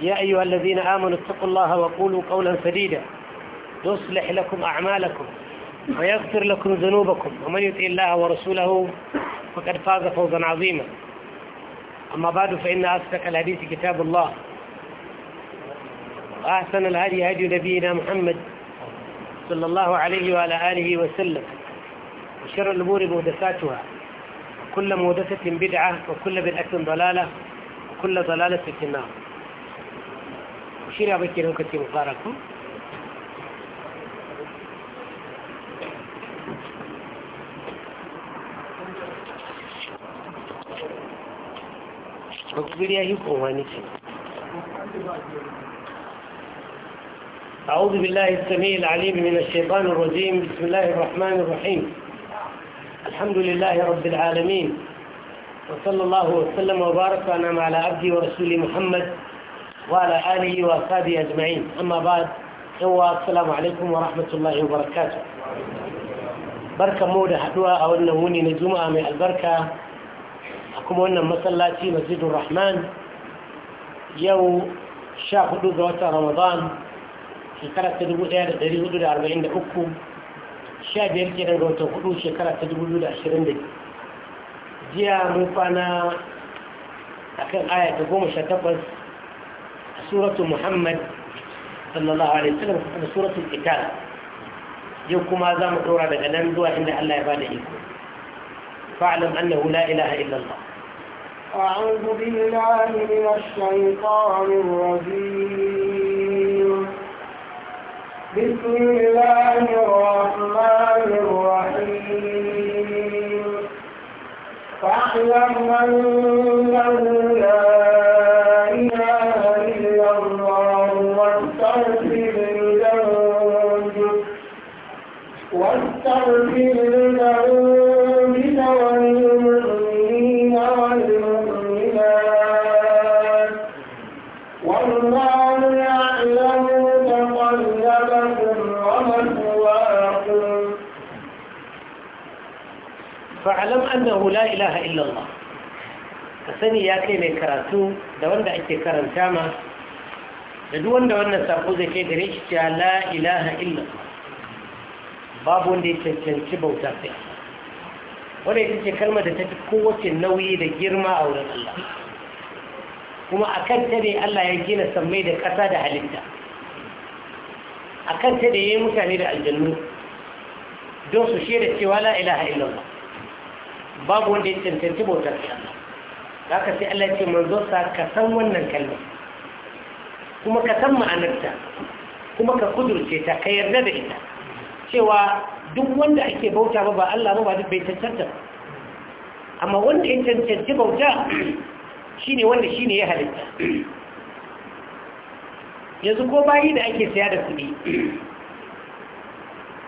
يا أيها الذين آمنوا اتقوا الله وقولوا قولا سديدا يصلح لكم أعمالكم ويغفر لكم ذنوبكم ومن يطع الله ورسوله فقد فاز فوزا عظيما أما بعد فإن أصدق الحديث كتاب الله وأحسن الهدي هدي نبينا محمد صلى الله عليه وعلى آله وسلم وشر الأمور مهدساتها وكل مهدسة بدعة وكل بدعة ضلالة وكل ضلالة في النار شيرا بكير هم كتير مباركم بكبيريا يقواني أعوذ بالله السميع العليم من الشيطان الرجيم بسم الله الرحمن الرحيم الحمد لله رب العالمين وصلى الله وسلم وبارك وأنعم على عبدي ورسولي محمد وعلى آله وأصحابه أجمعين أما بعد هو السلام عليكم ورحمة الله وبركاته بركة مودة حدوة أو أنه وني نجمع من البركة أكم أن مسلاتي مسجد الرحمن يو شاهد ذوات رمضان shekara ta dubu ɗaya da ɗari hudu da arba'in da uku sha biyar kenan ga watan hudu shekara ta dubu biyu da ashirin da jiya mun kwana akan aya ta goma sha takwas سورة محمد صلى الله عليه وسلم سورة القتال يوكم هذا مقرورا بغنان دوا عند الله إيكم فاعلم أنه لا إله إلا الله أعوذ بالله من الشيطان الرجيم بسم الله الرحمن الرحيم فاعلم أنه لا إله إلا الله فعلم أنه لا إله إلا الله فسني ياكي من كراتو دوان دا اكي كرمتاما دوان دوان نساقوزة كي دريشتها لا إله إلا الله babu wanda ya cancanci bauta sai wanda ita ce kalmar da ta fi kowace nauyi da girma a wurin Allah kuma a kan ta ne Allah ya gina sammai da ƙasa da halitta a kan ta da ya yi mutane da aljannu don su shaida cewa la ilaha illallah babu wanda ya cancanci bauta sai Allah ka aka sai Allah ya ce manzo sa ka san wannan kalmar kuma ka san ma'anarta kuma ka kudurce ta ka yarda da ita cewa duk wanda ake bauta ba ba Allah ba duk bai cancanta amma wanda ya cancanci bauta shi ne wanda shi ne ya halitta yanzu ko bayi da ake saya da kuɗi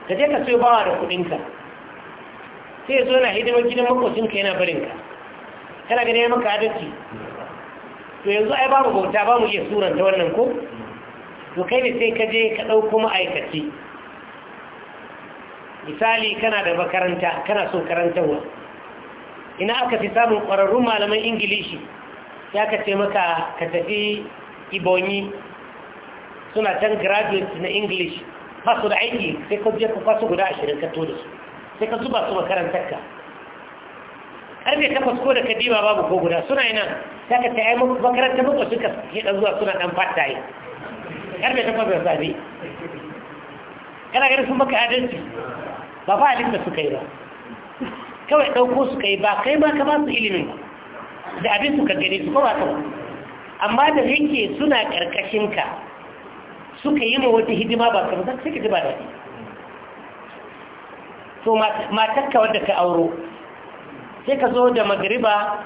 ka je ka sayo bawa da kuɗinka sai ya zo na hidimar gidan makocinka yana barinka kana gani ya maka adalci to yanzu ai babu bauta ba mu iya suranta wannan ko to kai ne sai ka je ka ɗauko ma'aikaci misali kana da makaranta kana so karantarwa ina aka fi samun ƙwararrun malaman ingilishi ya ka ce maka ka tafi ibonyi suna can graduate na english ba su da aiki sai ka je ka kwasu guda ashirin ka tole su sai ka zuba su makarantarka karfe takwas ko da kadima babu ko guda suna yana ta ka tayi makaranta su suka ke ɗan zuwa suna dan fata yi karfe takwas da safe kana ganin sun maka adalci ba fa da suka yi ba kawai ɗauko suka yi ba kai ma ka ba su ilimin da abin suka gani su kowa ta amma da yake suna ƙarƙashinka suka yi ma wata hidima ba kamar zai suka ji da daɗi to matakka wadda ka auro sai ka zo da magariba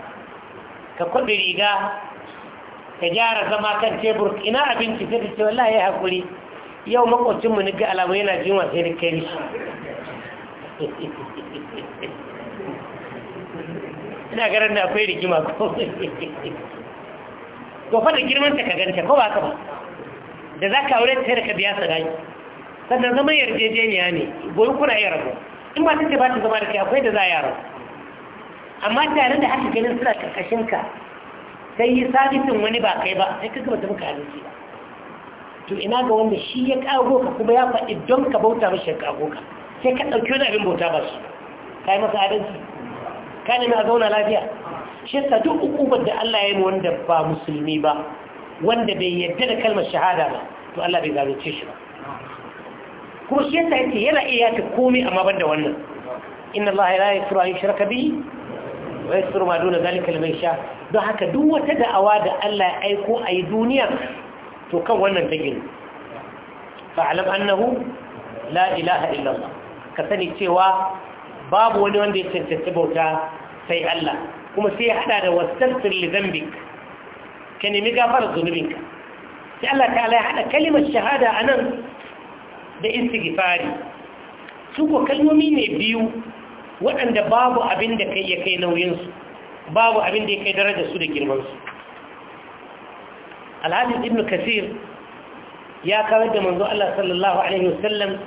ka kwaɓe riga ka gyara zama kan tebur ina abinci sai fi ce wallahi ya haƙuri yau makwacinmu ni ga alamu yana jin sai da kai ina garin da akwai rigima ko to fa da girman ta ka ganta ko ba ka ba da za ka aure ta ka biya sadaki sannan zaman yarjejeniya ne goyi kuna iya rabu in ba ta ce ba ta zama da kai akwai da za a yaro amma tare da haka ganin suna karkashin ka sai yi sabitin wani ba kai ba sai ka gaba ta muka abinci ba to ina ga wanda shi ya kago ka kuma ya faɗi don ka bauta mashi ya kago ka sai ka ɗauki wani abin bauta ba su ka yi masa adalci ka nemi a zauna lafiya shi ta duk hukumar da Allah ya yi wanda ba musulmi ba wanda bai yadda da kalmar shahada ba to Allah bai zalunce shi ba kuma shi yasa yake yana iya ta komai amma banda wannan inna Allah la yaghfiru an yushraka bihi wa yaghfiru ma duna zalika liman sha don haka duk wata da'awa da Allah ya aiko a yi duniya to kan wannan take fa alam annahu la ilaha illa ka sani cewa babu wani wanda ya cancanci bauta sai Allah kuma sai ya hada da wasantar lizambik ka nemi gafar zunubinka sai Allah ta ala ya hada kalimar shahada a nan da istighfari su ko kalmomi ne biyu waɗanda babu abin da kai ya kai nauyinsu babu abin da ya kai darajar su da girmansu alhaji ibn kasir ya kawar da manzo Allah sallallahu alaihi wasallam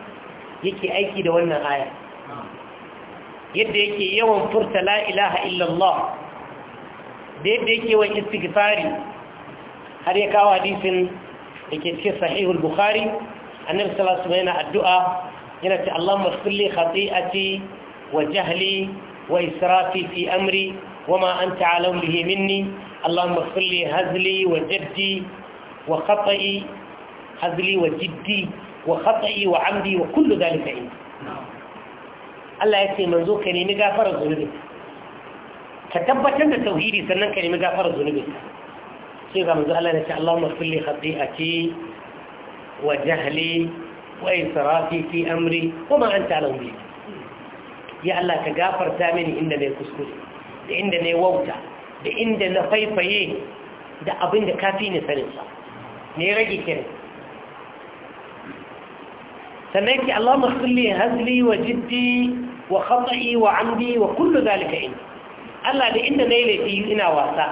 yake aiki da wannan aya yadda yake yawan furta la ilaha illallah da yadda yake wa istighfari har ya kawo hadisin da ke cikin sahihul bukhari annabi sallallahu alaihi yana addu'a yana ta Allahumma ighfir khati'ati wa jahli wa israfi fi amri وما أنت عالم به مني اللهم اغفر لي هزلي وجدي وخطئي هزلي وجدي wa khata'i wa amdi wa kullu zalika in Allah ya ce manzo ka nemi gafarar zunubi ka tabbatar da tauhidi sannan ka nemi gafarar zunubi sai ga manzo Allah ya ce Allahumma ighfir li khati'ati wa jahli wa israfi fi amri wa ma anta lahu ya Allah ka gafarta mini inda nayi kuskure da inda wauta da inda na faifaye da abin kafi ni sanin sa ne rage kenan sannan yake Allah masulli hasli, wa jiddi wa khata'i wa amdi wa kullu zalika in Allah da inda na yi laifi ina wasa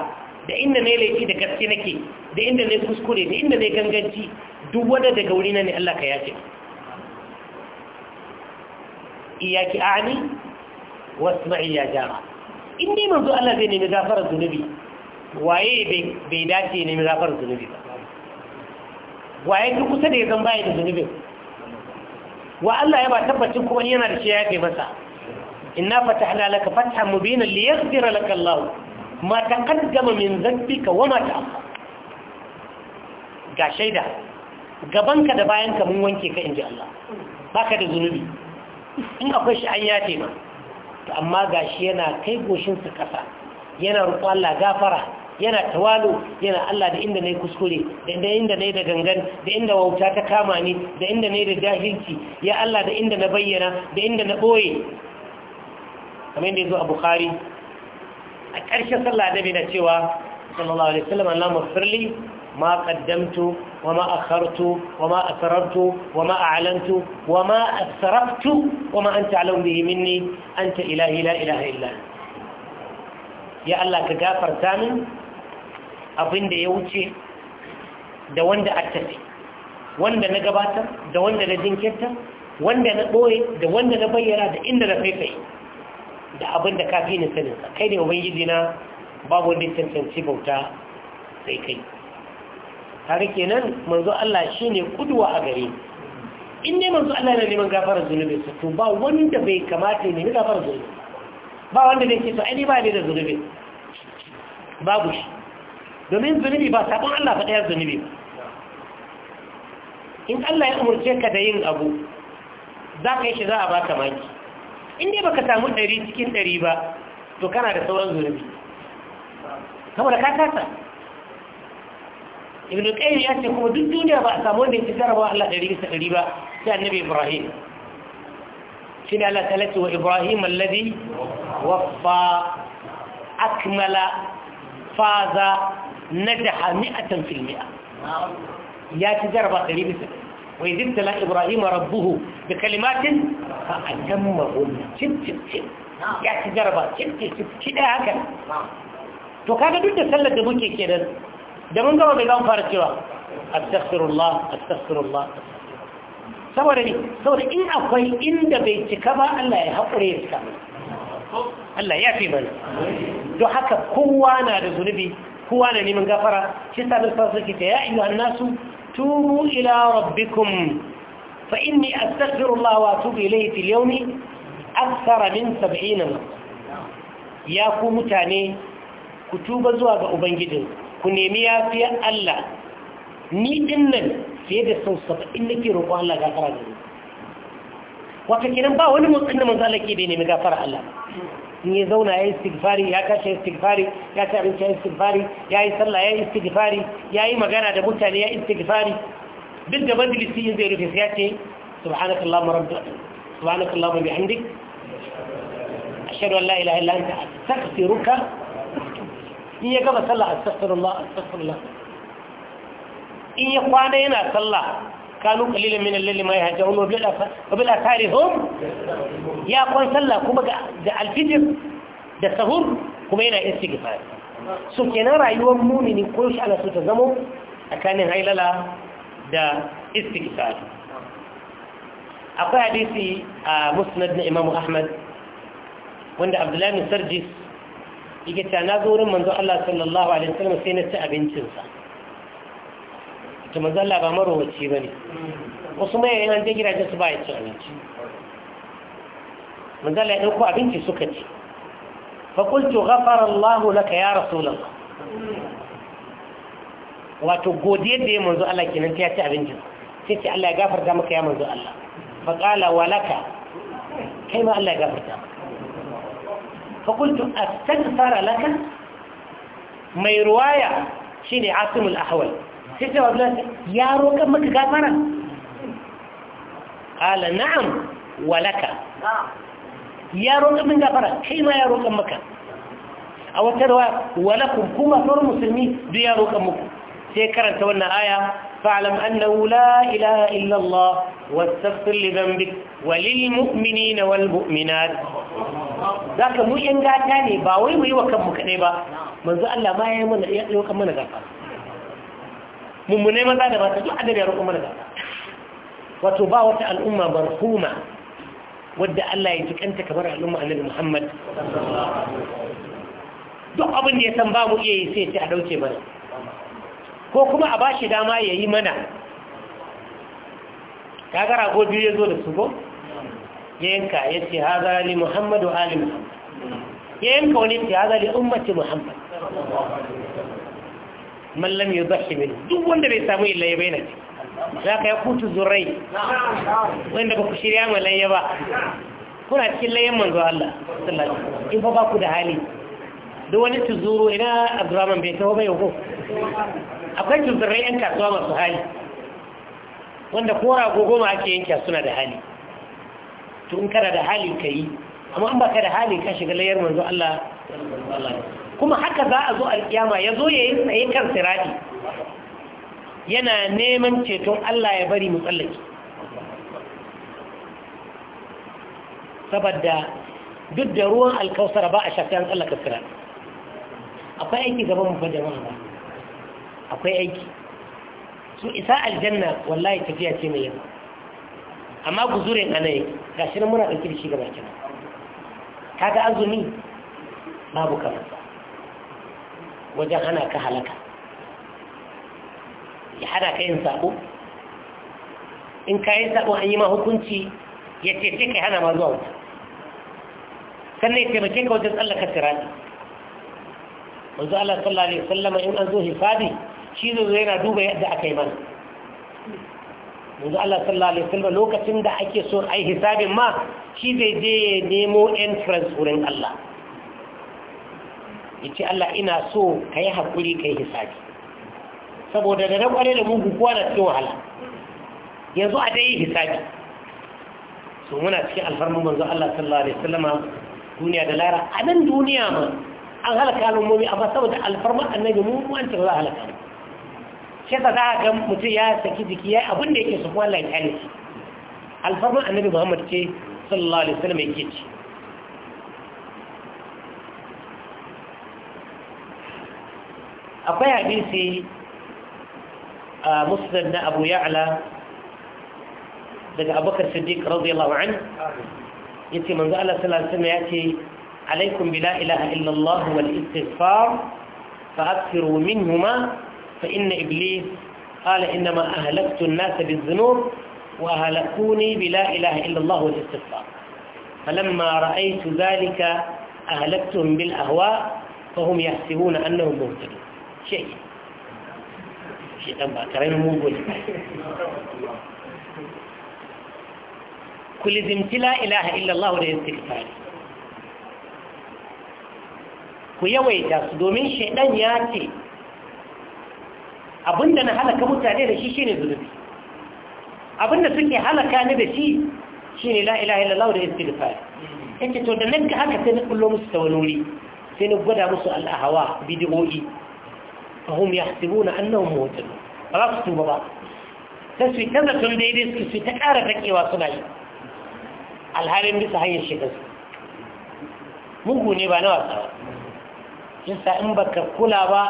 da inda na yi laifi da gaske nake da inda na kuskure da inda na ganganci duk wanda daga wuri na ne Allah ka yace iyaki a'ani wasma'i ya jara in dai manzo Allah zai nemi gafarar zunubi waye bai dace nemi gafarar zunubi ba waye duk kusa da ya zan baya da zunubin wa Allah ya ba tabbacin kuma yana da shi ya kai masa inna fatahna laka na mubina liyaghfira laka Allah ma taqaddama min dhanbika wa ma ta'akhkhara ga shaida gabanka da bayanka mun wanke ka inji Allah baka da zunubi in akwai shi an yace ma amma gashi yana kai goshinsa kasa yana roƙo Allah gafara yana tawalu yana Allah da inda nayi kuskure da inda inda nayi da gangan da inda wauta ta kama ni da inda nayi da jahilci ya Allah da inda na bayyana da inda na boye kamar yadda yazo a Bukhari a ƙarshen sallah annabi na cewa sallallahu alaihi wasallam Allahumma firli ma qaddamtu wa ma akhartu wa ma asrartu wa ma a'lantu wa ma asraftu wa ma anta alam bihi minni anta ilahi la ilaha illa ya Allah ka gafarta min abin da ya wuce da wanda a tafi wanda na gabatar da wanda na jinkirta wanda na ɓoye da wanda na bayyana da inda na faifai da abin da kafi ni saninsa kai ne ubangiji na babu wanda cancanci bauta sai kai tare kenan manzo Allah shi ne kuduwa a gare in dai manzo Allah ne neman gafarar zunubi su to ba wanda bai kamata ne ni gafarar zunubi ba wanda ne ke so ai ba ne da zunubi babu shi domin zunubi ba sabon Allah faɗa ɗayar zunubi in Allah ya umarce ka da yin abu za ka yi shi za a baka maki in dai baka samu ɗari cikin ɗari ba to kana da sauran zunubi saboda ka kasa ibn qayyim ya ce kuma duk duniya ba a samu wanda yake jarabawa Allah ɗari bisa ɗari ba sai annabi Ibrahim shi ne Allah ta wa Ibrahim alladhi waffa akmala faza نجح مئة في المئة يا تجربة قريبة وإذ ابتلى إبراهيم ربه بكلمات فأتمه شب شب شب يا تجربة شب شب شب كده هكذا تو كذا دوت سلة دبوكي كده دم انتوا بيقوم فارتوا أستغفر الله أستغفر الله سورة لي سورة إن أخي إن دبيتك ما الله يحقر يسكا الله يا في بل تو حكا قوانا رزو نبي kowa na neman gafara shi sa bin sarsu ta ya iya nasu tubu ila rabbikum fa inni astaghfirullah wa atubu ilayhi fil yawmi akthara min 70 ya ku mutane ku tuba zuwa ga ubangijin ku nemi yafiyar Allah ni dinnan fiye da sau 70 nake roƙon Allah gafara da ni wata kiran ba wani mutum da manzo Allah ke da nemi gafara Allah in ya zauna ya yi istighfari ya kashe istighfari ya ci abinci ya yi istighfari ya yi sallah ya yi istighfari ya yi magana da mutane ya yi istighfari duk da majalisi in zai rufe sai ya ce subhanakallah marabbana subhanakallah wa bihamdik ashhadu an la ilaha illa anta astaghfiruka in ya gama sallah astaghfirullah astaghfirullah in ya kwana yana sallah kanu kalilan min al-layli ma yahjaun wani bil wa bil hom ya kon sallah kuma ga da al da sahur kuma yana istighfar so kenan rayuwar mumini ko shi ana so ta zamo kanin hailala da istighfar akwai hadisi a musnad na Imam Ahmad wanda Abdullahi bin Sarjis yake ta na zo wurin manzo Allah sallallahu alaihi wasallam sai na ci abincinsa to manzo Allah ba marowaci bane wasu mai yana je gidajen su ba ya cin abinci manzo ya ɗauko abinci suka ci fa qultu ghafara Allah laka ya rasulullah wato godiyar da ya manzo Allah kenan ta ci abincin sai ce Allah ya gafar gafarta maka ya manzo Allah fa qala walaka kai ma Allah ya gafar gafarta maka fa qultu astaghfara laka mai ruwaya shine asimul ahwal sai ce ya roƙar maka gafara qala na'am walaka ya roƙar min gafara kai ma ya roƙar maka a wata rawa walakum kuma sauran musulmi duk ya roƙar muku sai karanta wannan aya fa'alam annahu la ilaha illa Allah wastaghfir li dhanbik wa lil mu'minina wal mu'minat zaka mu yan gata ne ba wai mu yi wa kanmu kadai ba manzo Allah ma ya yi mana ya roƙar mana gafara mummune maza da mata duk ya rukun mana gaba wato ba wata al'umma barhuma wadda Allah ya jikanta kamar al'umma annabi Muhammad duk abin da ya san ba mu iya yi sai a dauke mana ko kuma a bashi dama ya yi mana kaga rago biyu ya zo da su ko ya yanka ya ce haza li Muhammadu ali ya yanka wani ya haza li ummati Muhammad mallam ya zahi min duk wanda bai samu illa na ce. za ka yi kutu zurai wanda ba ku shirya ma laye ba kuna cikin layen manzo Allah in fa ba ku da hali duk wani tuzuru ina abdurrahman bai taho bai ko akwai tuzurai yan kasuwa masu hali wanda kora goma ake yanka suna da hali tun kana da hali ka yi amma an baka da hali ka shiga layar manzo Allah sallallahu alaihi wasallam kuma haka za a zo alkiyama ya zo ya yi tsaye kan sirati yana neman ceton Allah ya bari mu tsallake saboda duk da ruwan alkausar ba a shafi an tsallaka sirati akwai aiki gaban mu fa ba akwai aiki su isa aljanna wallahi tafiya ce mai yawa amma guzurin anai gashi nan muna ɗauki da shi gaba kenan kaga azumi babu kamar wajen hana ka halaka ya hana ka yin sabo in ka yi sabo an yi ma hukunci ya cece ka hana ma zuwa wuta sannan ya taimake ka wajen tsallaka tirani Wanzu Allah sallallahu alaihi wasallama in an zo hisabi shi zo yana duba yadda aka yi mana Wanzu Allah sallallahu alaihi wasallam lokacin da ake so yi hisabin ma shi zai je ya nemo entrance wurin Allah yace Allah ina so kai hakuri kai hisabi saboda da nan kware da mugu gukuwa na cikin wahala yanzu a dai hisabi so muna cikin alfarmar manzo Allah sallallahu alaihi wasallama duniya da lara a nan duniya ma an halaka al'ummomi amma saboda alfarma annabi mu mu an ta za halaka shi ta za ga mutum ya saki jiki yayi abin da yake so shi alfarma annabi Muhammad ce sallallahu alaihi wasallam yake ce أبي بيسي آه، مسلم أبو يعلى لدى أبو بكر الصديق رضي الله عنه يتي من قال صلى الله عليه يأتي عليكم بلا إله إلا الله والاستغفار فأكثروا منهما فإن إبليس قال إنما أهلكت الناس بالذنوب وأهلكوني بلا إله إلا الله والاستغفار فلما رأيت ذلك أهلكتهم بالأهواء فهم يحسبون أنهم مهتدون shi shi ɗan ba ƙaramin mugu ne ku lizimci la'ilaha illallah da istighfari ku yawaita su domin ɗan ya ce abinda na halaka mutane da shi shi ne zunubi abinda suke halaka ni da shi shi ne la'ilaha illallah da istighfari yanke to da nan ga haka sai na kullo musu ta sai na gwada musu al'ahawa bidiyoyi fahim ya hasibu na annan motar ba su tuba ba ta su ta zaton daidai su su ta ƙara taƙewa suna yi alhalin bisa hanyar shiga su mugu ne ba na wasa ba in ba kula ba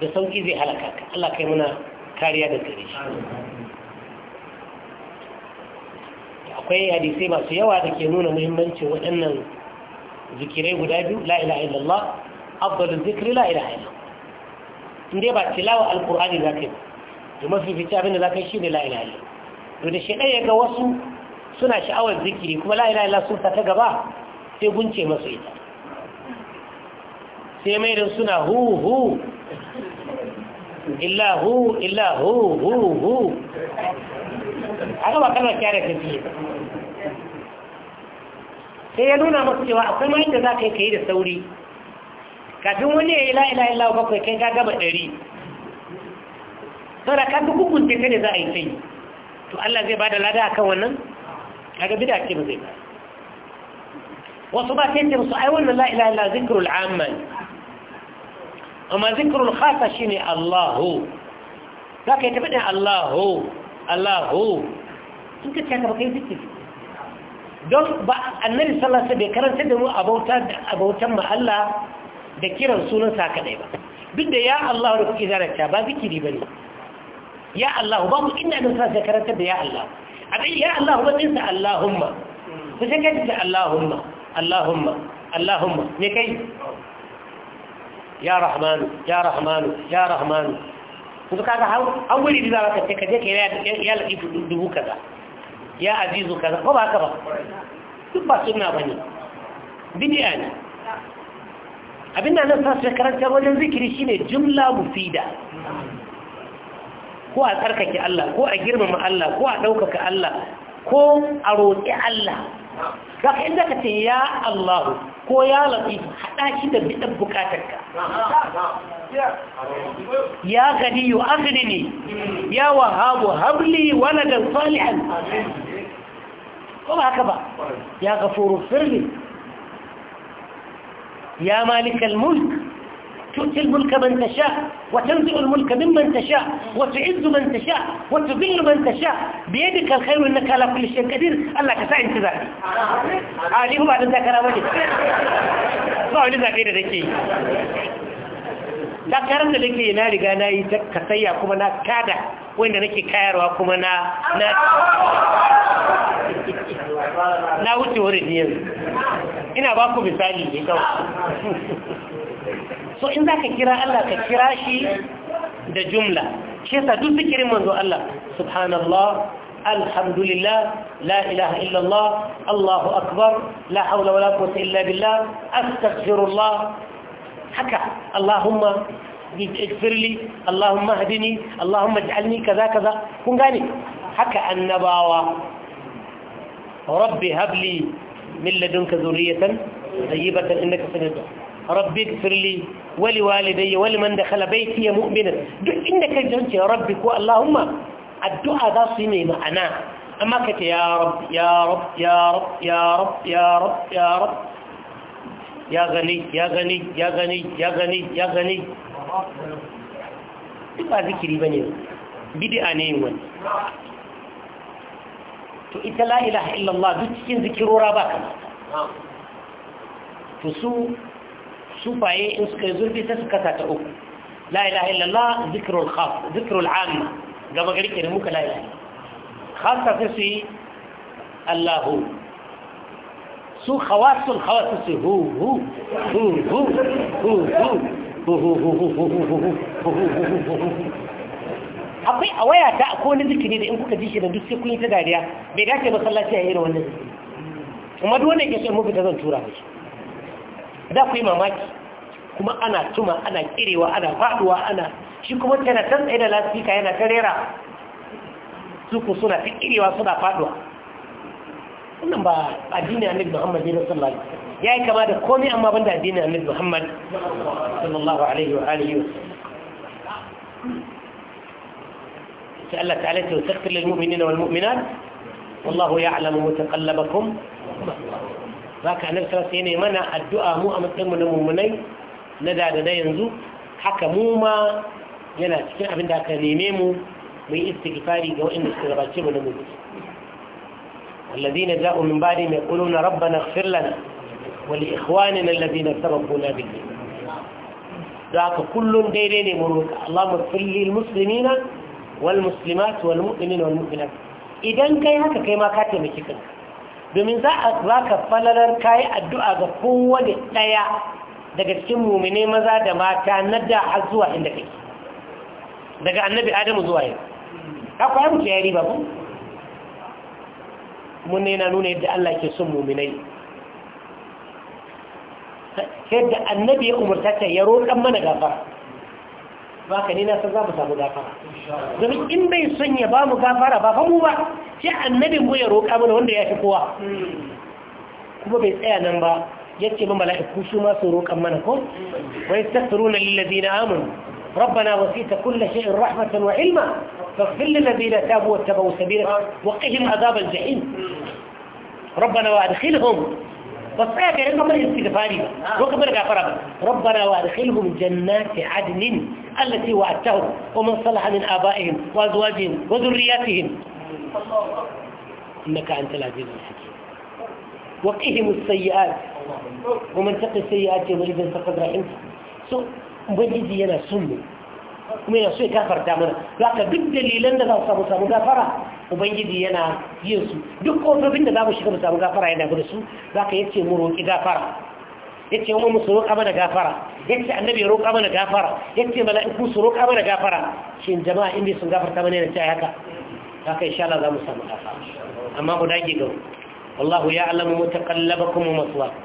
da sauƙi zai muna kariya da akwai hadisai masu yawa da ke nuna muhimmanci waɗannan zikirai guda biyu la ilaha illallah afdalin zikri la ilaha illa in ba tilawa alqur'ani zaka yi to mafi fita abin da zaka yi ne la ilaha illa to da ɗaya ga wasu suna sha'awar zikiri kuma la ilaha illa sun ta gaba sai gunce masu ita sai mai da suna hu hu illa hu illa hu hu hu aka ba kalmar kyara tafiye sai ya nuna masu cewa akwai ma da za ka yi ka yi da sauri kafin wani ya yi la'ila illa bakwai kai ka gaba ɗari saboda ka duk hukunce ta da za a yi sai to Allah zai ba da lada a kan wannan kaga bida ce zai ba wasu ba sai ce musu ai wannan la'ila illa zikirul amman amma zikirul khasa shi ne Allahu za ka yi tafi ɗin Allahu Allahu in ka caka ba ka yi zikiri don ba annabi sallallahu bai karanta da mu abautan ma Allah da kiran sunan sa kadai ba duk da ya Allah da kuke zaranta ba zikiri ne. ya Allah ba mu inda nan sai karanta da ya Allah a ya Allah ba din Allahumma ku sai kai da Allahumma Allahumma Allahumma me kai ya Rahman ya Rahman ya Rahman kuma kaga an guri da zaka take kaje kai ya laifu dubu kaza ya azizu kaza ko ba haka ba duk ba sunna bane bid'a ne abinda nan sa su karanta wajen zikiri shine jumla mufida ko a tsarkake Allah ko a girmama Allah ko a ɗaukaka Allah ko a roƙi Allah za ka inda ka ce ya Allah ko ya latif haɗa shi da biɗan bukatarka ya gani yi ne ya wahabu habli waladan salihan ko ba haka ba ya gafuru firli يا مالك الملك تؤتي الملك من تشاء وتنزع الملك ممن تشاء وتعز من تشاء وتذل من تشاء بيدك الخير انك على كل شيء قدير الله كفى انت ذاتي عليه آه، بعد ذاك انا وجد صعب لذاك ايه ذكي takarar da nake na riga na yi ta kuma na kada wanda nake kayarwa kuma na na na wuce wurin yanzu ina ba ku misali ne kawo so in za ka kira Allah ka kira shi da jumla shi sa duk zikirin manzo Allah subhanallah الحمد لله لا إله إلا الله الله أكبر لا حول ولا قوة إلا بالله حكى اللهم اغفر لي اللهم اهدني اللهم اجعلني كذا كذا كن غني حكى النباوة ربي هب لي من لدنك ذرية طيبة إنك سنده ربي اغفر لي ولوالدي ولمن دخل بيتي مؤمنا إنك جنت يا ربي كو اللهم الدعاء ذا صيني معنا أما كنت يا رب يا رب يا رب يا رب يا رب, يا رب يا غني يا غني يا غني يا غني يا غني duk ba zikiri ba ne bidi'a ne yin wani to ita la'ilaha illallah duk cikin zikirora ba kama to su sufaye in suka yi zurfi ta suka ta uku la'ilaha illallah zikirul khas zikirul amma gaba gari ke da muka la'ilaha khasa sai su yi allahu su khawasul khawasul su hu hu hu hu hu hu akwai a waya ta akwai wani zikiri da in kuka ji shi da duk sai kun yi ta dariya bai dace masallaci a irin wannan zikiri kuma duk wanda yake so mu fita zan tura mishi da ku yi mamaki kuma ana tuma ana kirewa ana faduwa ana shi kuma tana tantsaye da lasifika yana ta rera su ku suna ta kirewa suna faduwa wannan ba addinin annabi Muhammad ne sallallahu alaihi wasallam yayi kama da komai amma banda addini annabi Muhammad sallallahu alaihi wa alihi sai Allah ta'ala ya tsakir lil mu'minina wal mu'minat wallahu ya'lamu mutaqallabakum annabi sallallahu alaihi wasallam mana addu'a mu a matsayin mu na mu'minai na da da yanzu haka mu ma yana cikin abin da aka neme mu mu yi istighfari ga wa'anda suka gabace mu na mu'minai الذين جاءوا من بعدهم يقولون ربنا اغفر لنا ولإخواننا الذين سبقونا بالإيمان ذاك كل ديرين مروك اللهم اغفر للمسلمين والمسلمات والمؤمنين والمؤمنات idan kai haka kai ma ka taimaki kanka domin za a baka falalar kayi addu'a ga kowane ɗaya daga cikin mumine maza da mata na da har zuwa inda kake daga annabi adamu zuwa yau akwai kwaya mutu ya riba ko Mun ne na nuna yadda Allah ke son muminai yadda annabi ya umarta ta ya roƙan mana gafara ba ka nina san za mu samu gafara domin in bai son ya ba mu gafara ba famu ba sai Annabi mu ya roƙa mana wanda ya fi kowa kuma bai tsaya nan ba ya ce min mala'iku su ma su roƙan mana ko wai tattaru na lillazi na amin rabbana wasita kulla shi'in rahmatan wa ilma فاغفر للذين تابوا واتبعوا سبيلك وقهم عذاب الجحيم ربنا وادخلهم لأنه من الاستغفاري ربنا وادخلهم جنات عدن التي وعدتهم ومن صلح من آبائهم وأزواجهم وذرياتهم إنك أنت العزيز الحكيم وقهم السيئات ومن تقي السيئات يومئذ فقد رحمته سوء مبجدي أنا سمي kuma yana so ya gafarta mana za ka duk dalilan da za mu samu samu gafara ubangiji yana yin su duk kofofin da za mu shiga mu samu gafara yana gudu su za ka yace mu roƙi gafara yace mu musu roƙa mana gafara yace annabi ya roƙa mana gafara yace mala'iku su roƙa mana gafara shin jama'a inda sun gafarta mana yana cewa haka ka insha Allah za mu samu gafara amma ku dage ga wallahu ya'lamu mutaqallabakum wa maswaakum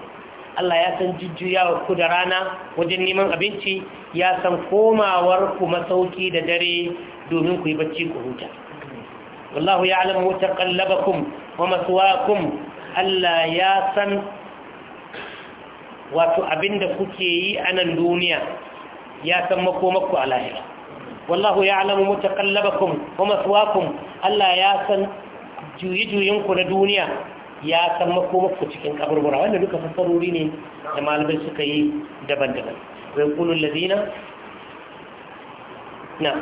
Allah ya san jujjuyawar ku da rana wajen neman abinci ya san komawar ku masauki da dare domin ku yi bacci ku huta wallahu ya ya'lamu mutaqallabakum wa maswaakum Allah ya san wato abinda kuke yi a nan duniya ya san makomakku a lahira wallahu ya'lamu mutaqallabakum wa maswaakum Allah ya san juyi-juyinku na duniya ya san maku cikin kaburbura wanda duka fassarori ne da malamai suka yi daban-daban zai kulun lazina na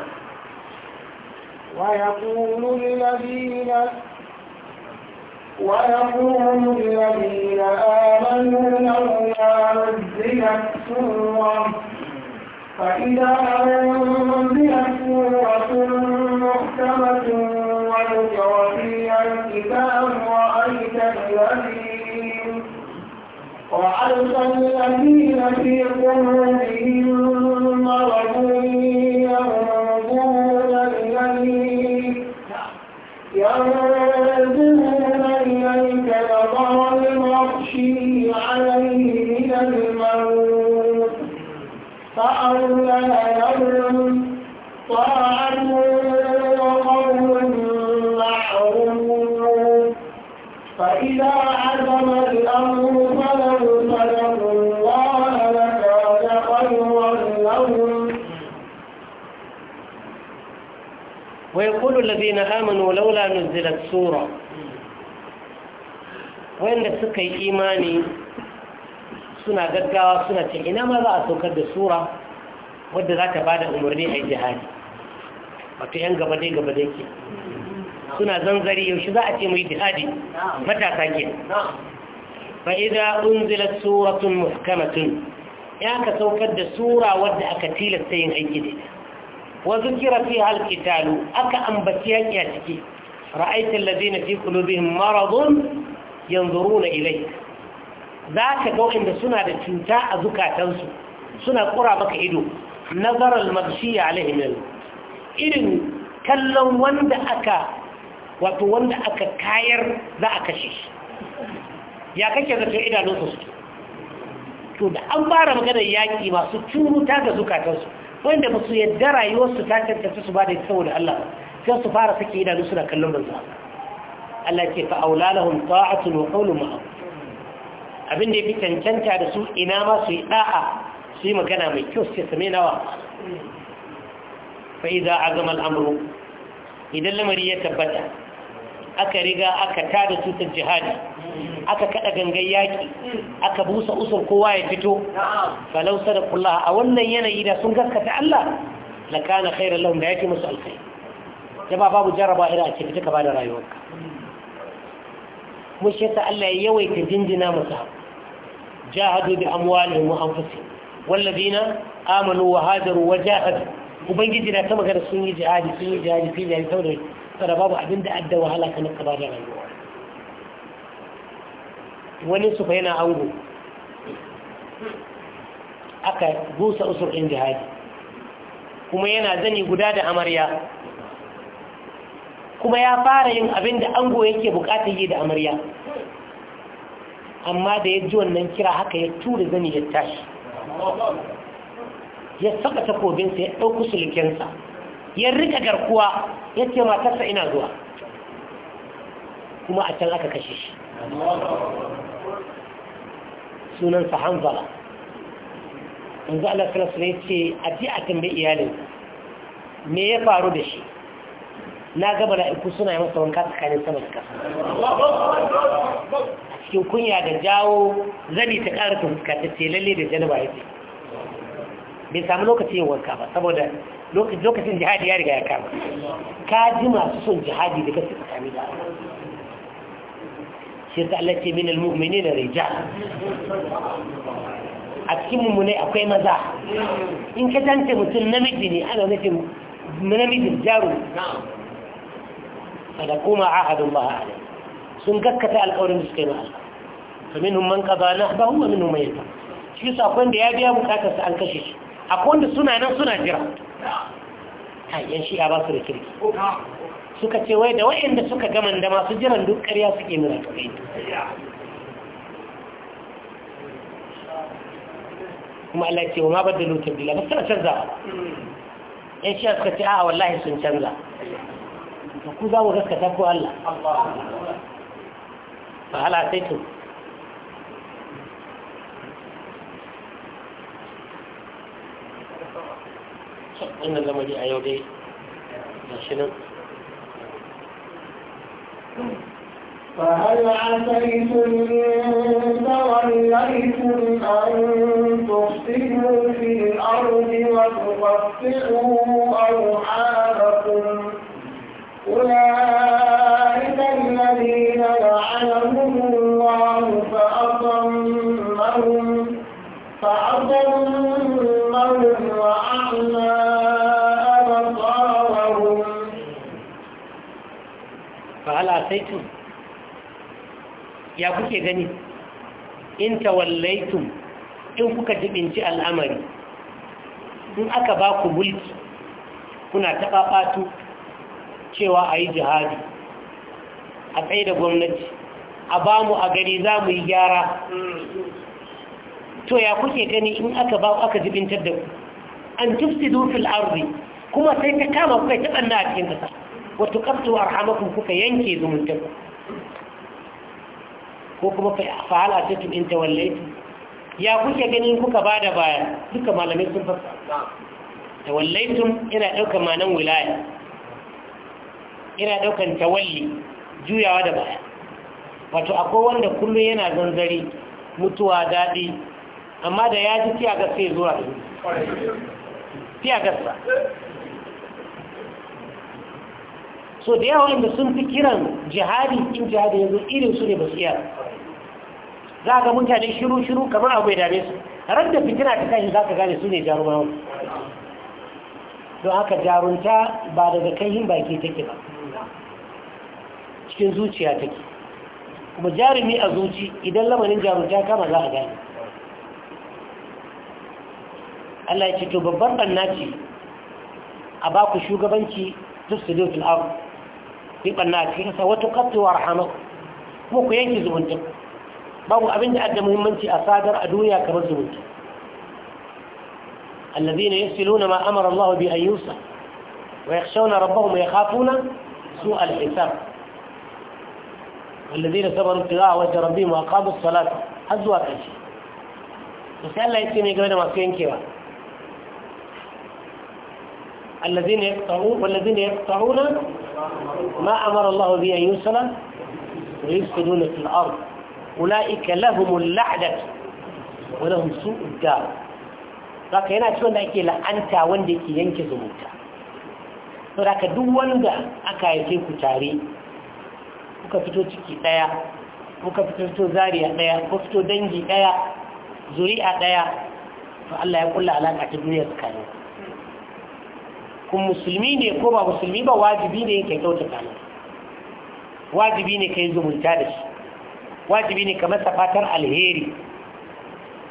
ويقول الذين آمنوا لولا نزلت سورة فإذا أنزلت سورة محكمة عليك وفي الكتاب رأيت الذين وعلت الذين في قلوبهم مرض ينظرون إليك ينظرون الذين آمنوا لولا نزلت سورة wanda suka yi imani suna gaggawa suna ce ina ma za a saukar da sura wadda za ta bada umarni a jihadi wato yan gaba dai gaba dai ke suna zanzari yaushe za a ce mai jihadi matasa ke fa idza unzilat suratun muhkamatun ya ka saukar da sura wadda aka tilasta yin aiki da ita wazin kira fi halittalu aka ambaci yaki a ciki ra'aitin lazina fi kulubin maradun yanzuru na ilai za ka daukin da suna da cuta a zukatansu suna kura maka ido nazarar marshiya alhimil irin kallon wanda aka wato wanda aka kayar za a kashe shi ya kake zato idanunsu su to da an fara maganar yaƙi masu cuta da zukatansu wanda musu su yadda rayuwarsu ta tantance su ba da saboda Allah sai su fara sake idanu suna kallon manzo Allah ce fa aulalahum ta'atun wa qawlun ma'ruf abin da yafi cancanta da su ina ma su yi da'a su yi magana mai kyau su same nawa fa idza azama al-amru idan lamari ya tabbata aka riga aka tada ta jihadi aka kada gangan yaki aka busa usur kowa ya fito falau sadaqullah a wannan yanayi da sun gaskata Allah la kana khairan lahum da yake musu alkhair jama babu jaraba ira a cikin ka bada rayuwarka mun shi ta Allah ya yawaita jinjina musa jahadu bi amwalihim wa anfusihim walladina amanu wa hajaru wa jahadu ubangiji da ta magana sun yi jihadi sun yi jihadi fi jihadi saboda babu abin da adda wahala kan ka bada rayuwa wani su fa yana ango aka busa usur in jihadi kuma yana zani guda da amarya kuma ya fara yin abin da ango yake bukatar yi da amarya amma da ya ji wannan kira haka ya tura zani ya tashi ya saka takobinsa ya ɗauku sulukensa ya rika garkuwa ya ce matarsa ina zuwa kuma a can aka kashe shi sunansa hanzala yanzu Allah ya ce a ji a tambayi iyalin me ya faru da shi na gaba da iku suna yi masa wanka tsakanin sama da kasa a cikin kunya da jawo zani ta ƙara ta ta ce lalle da janaba ya ce bai samu lokacin yin wanka ba saboda lokacin jihadi ya riga ya kama ka ji masu son jihadi da gaske tsakanin da shi ta Allah ce na rijal a cikin mummune akwai maza in ka tante mutum namiji ne ana nufin namijin jaru da kuma a ahadun ba a sun gaskata alƙawarin da suka yi na Allah kamin man kaza na ba huwa min mai yata shi su akwai da ya biya bukatar sa an kashe shi akwai wanda suna nan suna jira ha yan shi ya ba su da kirki suka ce wai da wa'inda suka gaman da masu jiran duk ƙarya suke nuna kai kuma Allah ce wa ma lutar dila ba suna canza ba ya shi suka ce a wallahi sun canza Da ku za mu gaskata ko Allah Ba hala sai to zama lamari a yau dai gashi nan فهل عسيتم إن توليتم أن تفسدوا في الأرض وتقطعوا أرحامكم أولئك الذين لعنهم الله فأصمهم فأصمهم a ya kuke gani in tawallaitum in kuka jibinci al'amari in aka ba ku mulki kuna taɓaɓatu cewa a yi jihadi a tsaye da gwamnati a ba mu a gari za mu yi gyara to ya kuke gani in aka ba aka jibintar da ku an tufsidu fil arzi kuma sai ta kama kuka taɓanna a cikin kasa wata ƙarfi arhamakun kuka yanke zumunta ko kuma fa'ala ta tun inta wallaitu ya kuke ganin kuka ba da baya duka malamai sun fasa ta wallaitun yana ɗaukar manan wilaya yana ɗaukar tawalli juyawa da baya wato akwai wanda kullum yana zanzari mutuwa daɗi amma da ya ji gasa sai zuwa da gasa. so da yawa wanda sun fi kiran jihadi in jihadi yanzu irin su ne ba su iya za ga mutane shiru-shiru kamar abu ya dame su ran da fitina ta tashi za ka gane su ne jarumawa don haka jarunta ba daga kaihin baki take ba cikin zuciya take kuma jarumi a zuci idan lamarin jarunta kama za a gane Allah ya ce to babban ɓanna ce a baku shugabanci tufsidotul abu yi ɓanna a cikinsa wata kattowar hannu kuma ku yanki zubuntun babu abin da adda muhimmanci a sadar a duniya kamar zubuntun allazi ne yin siluna ma'amar allahu bi an yusa wa ya shauna rabbahu mai hafuna su alhisar allazi ne sabon tila a rabbi ma kabus salatu har zuwa kanci misali allah ya ce mai game da masu yankewa الذين يقطعون والذين يقطعون ما أمر الله به أن يسلم ويفسدون في الأرض أولئك لهم اللعنة ولهم سوء الدار zaka yana cikin da ake la'anta wanda ke yanke zumunta to da duk wanda aka haife ku tare kuka fito ciki daya kuka fito zariya daya kuka fito dangi daya zuri'a ɗaya, to Allah ya kulla alaka ta duniya tsakanin kun musulmi ne ko ba musulmi ba wajibi ne kai kyautata masa wajibi ne kai zumunta da shi wajibi ne ka masa fatar alheri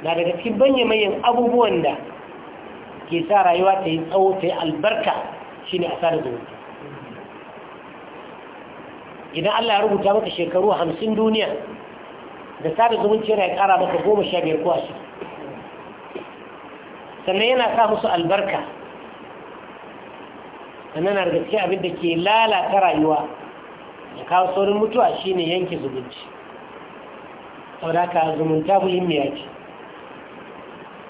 na daga cikin banyamanyan abubuwan da ke sa rayuwa ta yi tsawo ta yi albarka shi ne a sada zumunta idan Allah ya rubuta maka shekaru hamsin duniya da sada zumunci yana ya kara maka goma sha biyar ko shi, sannan yana sa musu albarka sannan na daga cikin abin da ke lalata rayuwa da kawo saurin mutuwa shine yanke zumunci ka zumunta muhimmiya ce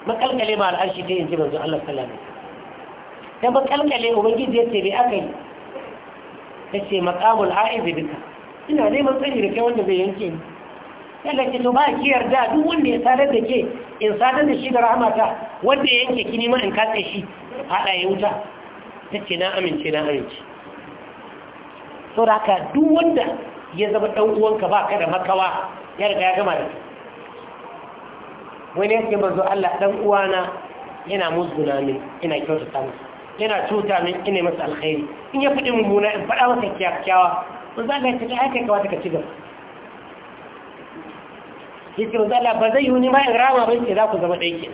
makalkale ma al'arshi ta yanzu banzu Allah sallallahu ta wasallam dan makalkale ubangiji ya ce bai yi ta ce maqamul aiz duka, ina neman matsayi da kai wanda zai yanke ni Yadda ce to ba a kiyar da duk wanda ya sadar da ke in sadar da shi da ta, wanda ya yanke ki ma in katse shi haɗa ya wuta ta ce na amince na amince sau da haka duk wanda ya zama ɗan'uwanka ba ka da makawa ya riga ya gama da su wani yake manzo Allah ɗan'uwana uwana yana muzguna min ina kyautata masa yana cuta min ina masa alkhairi in ya faɗi mummuna in faɗa masa kyakkyawa ba za ka tafi aika kawata ka ci gaba yake manzo Allah ba zai yi ni ma in rama ba ce za ku zama ɗaya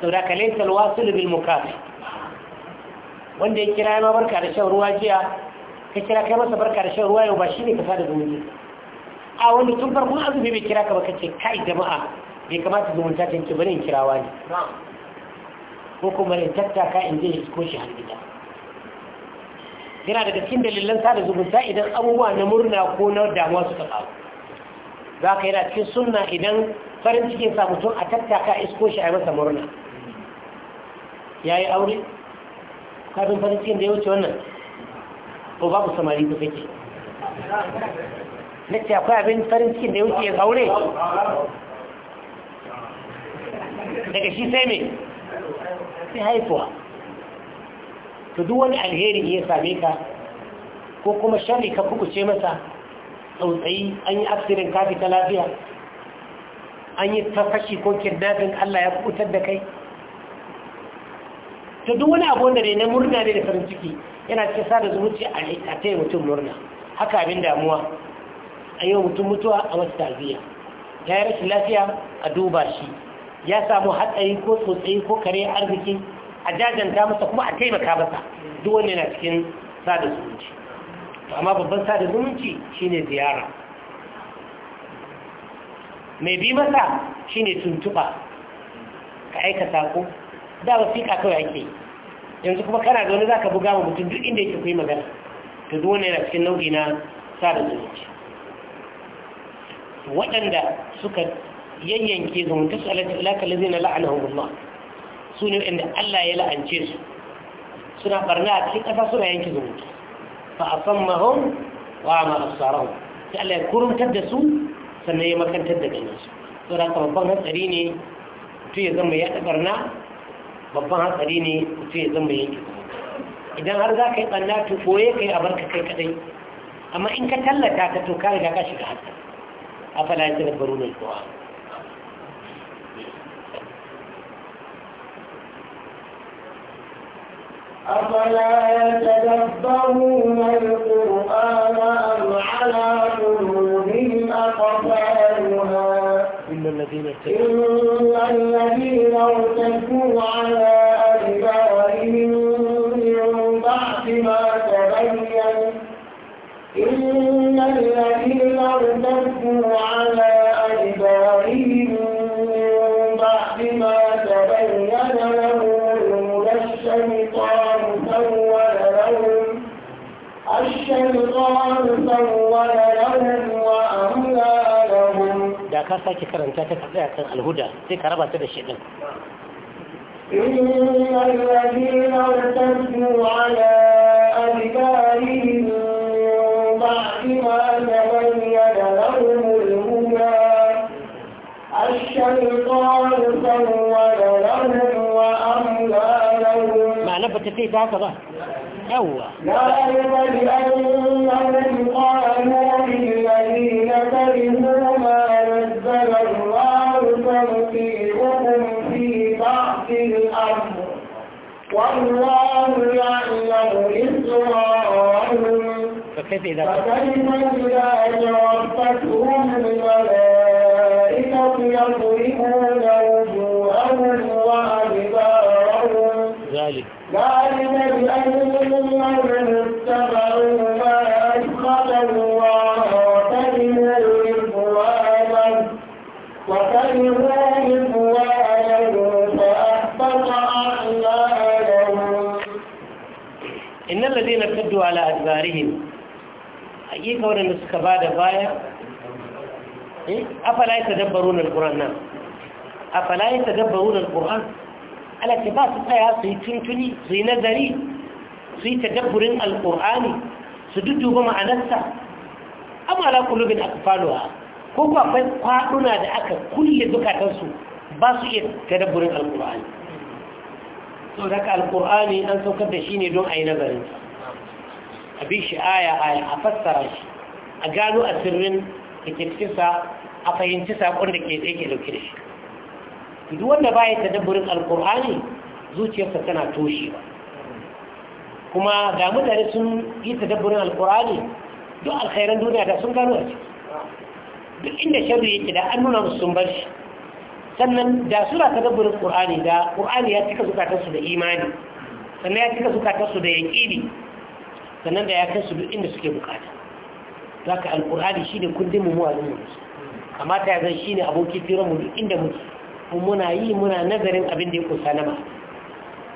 sau da kalaita alwasulu bil mukafi wanda ya kira ma barka da shan ruwa jiya ka kira kai masa barka da shan ruwa yau ba shi ne ka sada zumunci a wanda tun farkon azumi bai kira ka ba ce kai jama'a bai kamata zumunta ta yanke bane in kirawa ne ko kuma ne tattaka in je ko shi har gida yana daga cikin dalilan sada zumunta idan abubuwa na murna ko na damuwa suka faru za ka da cikin sunna idan farin cikin sa mutum a tattaka isko shi a masa murna ya yi aure kafin farin cikin da ya wuce wannan ko babu samari ta fake na ce akwai abin farin cikin da ya wuce ya aure daga shi sai mai sai haifuwa to duk wani alheri ya same ka ko kuma shari ka kukuce masa tsautsayi an yi aksirin kafi ta lafiya an yi ta fashi ko kirdafin allah ya kukutar da kai to duk wani abu wanda ne na murna ne da farin ciki yana cikin sada zumunci a taya mutum murna haka abin damuwa a yi mutum mutuwa a wasu tarbiyya ya yi rashin lafiya a duba shi ya samu hatsari ko tsotsayi ko kare arziki a jajanta masa kuma a taimaka masa duk wanda yana cikin sada zumunci amma babban sada zumunci shine ziyara mai bi masa shine tuntuɓa ka aika sako da wasiƙa kawai ake yanzu kuma kana wani za ka buga ma mutum duk inda yake kuyi magana to duk wani yana cikin nau'i na sada zumunci waɗanda suka yanyanke zumunta su alaƙa alaƙa lazi na la'ana hukumma su ne waɗanda Allah ya la'ance su suna ɓarna a cikin ƙasa suna yanke zumunta fa a san mahon wa ma a tsarau sai Allah ya kuruntar da su sannan ya makantar da ganin su. Saboda haka babban hatsari ne tun ya zama ya ɗabarna babban hatsari ne mutum ya zama yanki idan har za ka yi ɓanna to koye ka yi a barka kai kaɗai amma in ka tallata ka to ka riga ka shiga hatsari a fala ya tsira baro mai kowa أفلا يتدبرون القرآن أم على قلوب أقفالها إن الذين ارتدوا الذين ارتدوا على أدبارهم من بعد ما تبين إن الذين ارتدوا على أدبارهم من بعد ما تبين لهم الشيطان سول لهم الشيطان سول da ka sake karanta ta tsaya kan alhuda sai ka raba ta da shi din إن الذين ارتدوا على أدبارهم من تبين لهم الهدى الشيطان لهم نطيعكم في بعض الأمر والله يعلم إسرارهم فكيف إذا توفتهم الملائكة يضربون وجوههم وأدبارهم ذلك ذلك بأنهم اتبعوا ما أسخط الله na kaddu ala adbarihim hakika waɗanda suka ba da baya afala ya tadabbaru na alƙur'an nan afala ya tadabbaru na alƙur'an alaƙa ba su tsaya su yi tuntuni su yi nazari su yi tadabburin alƙur'ani su dudduba ma'anarsa amma ala kulubin akfaluwa ko ko akwai kwaɗuna da aka kulle su ba su iya tadabburin alƙur'ani to daga alƙur'ani an saukar da shi ne don a yi nazarinsa Abin shi aya aya a fassara shi a gano asirin da ke a fahimci saƙon da ke tsaye ke dauke da shi duk wanda baya tadabburin alƙur'ani zuciyarsa tana toshewa kuma da mutane sun yi tadabburin alƙur'ani duk alkhairan duniya da sun gano a ciki duk inda sharri yake da an nuna musu sun bar shi sannan da suna tadabburin ƙur'ani da ƙur'ani ya cika zukatarsu da imani sannan ya cika zukatarsu da yaƙini sannan da ya kai su duk inda suke bukata za ka alkur'ani shi ne kundin mu muwa mu kamata ya zan shi ne abokin firanmu duk inda muke muna yi muna nazarin abin da ya kusa na ma'a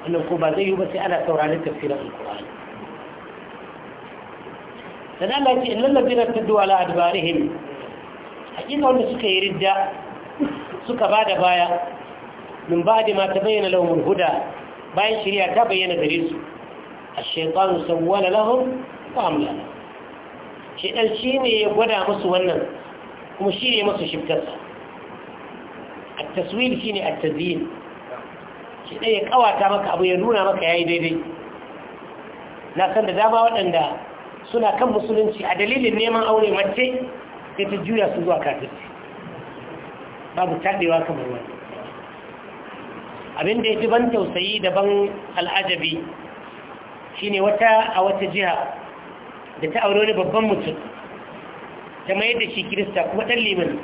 wannan ko ba zai yi ba sai ana sauranin tafsirin alkur'ani sannan Allah ce lallabi na tuddu ala adbarihim hakika wanda suka yi ridda suka ba da baya min ba da ma ta bayyana launin huda bayan shirya ta bayyana gare su الشيطان سول لهم وأملا شيطان شيني يقودع مسو ونن ومشيني مسو شبكسا التسويل شيني التزيين شيطان abu ya أبو يدونا مك يا daidai. na san da dama waɗanda suna kan musulunci a dalilin neman aure mace sai ta juya su zuwa kafirci babu taɗewa kamar wani abin da ya ban tausayi da ban al'ajabi shine wata a wata jiha da ta aure wani babban mutum ta mayar da shi kirista kuma ɗan liman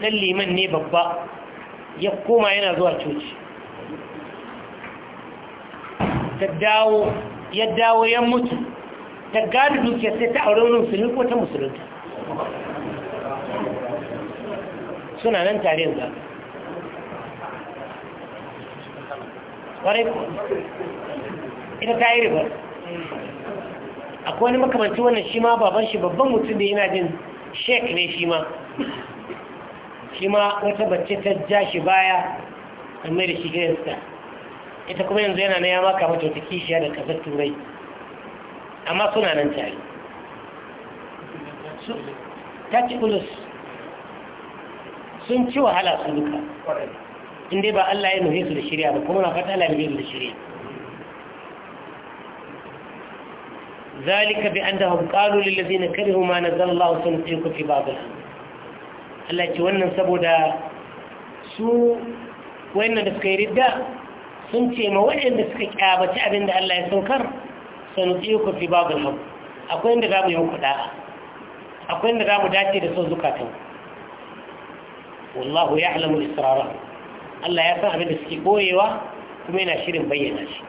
ɗan liman ne babba ya koma yana zuwa coci ta dawo ya dawo ya mutu ta gada dukiya sai ta aure wani musulmi ko ta musulunta suna nan tare yanzu ƙwarai ku ita ta yi riba akwai wani makamanci wannan shi ma baban shi babban mutum da yana jin shek ne shi ma shi ma wata bacci ta ja shi baya an mai da shi gidansa ita kuma yanzu yana na ya maka mata wata kishiya da kasar turai amma suna nan tare ta ci kulus. sun ci wahala su duka Inda ba Allah ya nufi su da shirya ba kuma na fata Allah ya nufi su da shirya ذلك بأنهم قالوا للذين كرهوا ما نزل الله سنطيق في بعض الأمر Allah ce wannan saboda su wayannan da suka yi ridda sun ce ma wayanda suka kyabaci abin da Allah ya saukar sanutsiku fi babul haq akwai inda zamu yi muku da'a akwai inda zamu dace da son zukatan wallahu ya ya'lamu israrahum Allah ya san abin da suke koyewa kuma yana shirin bayyana shi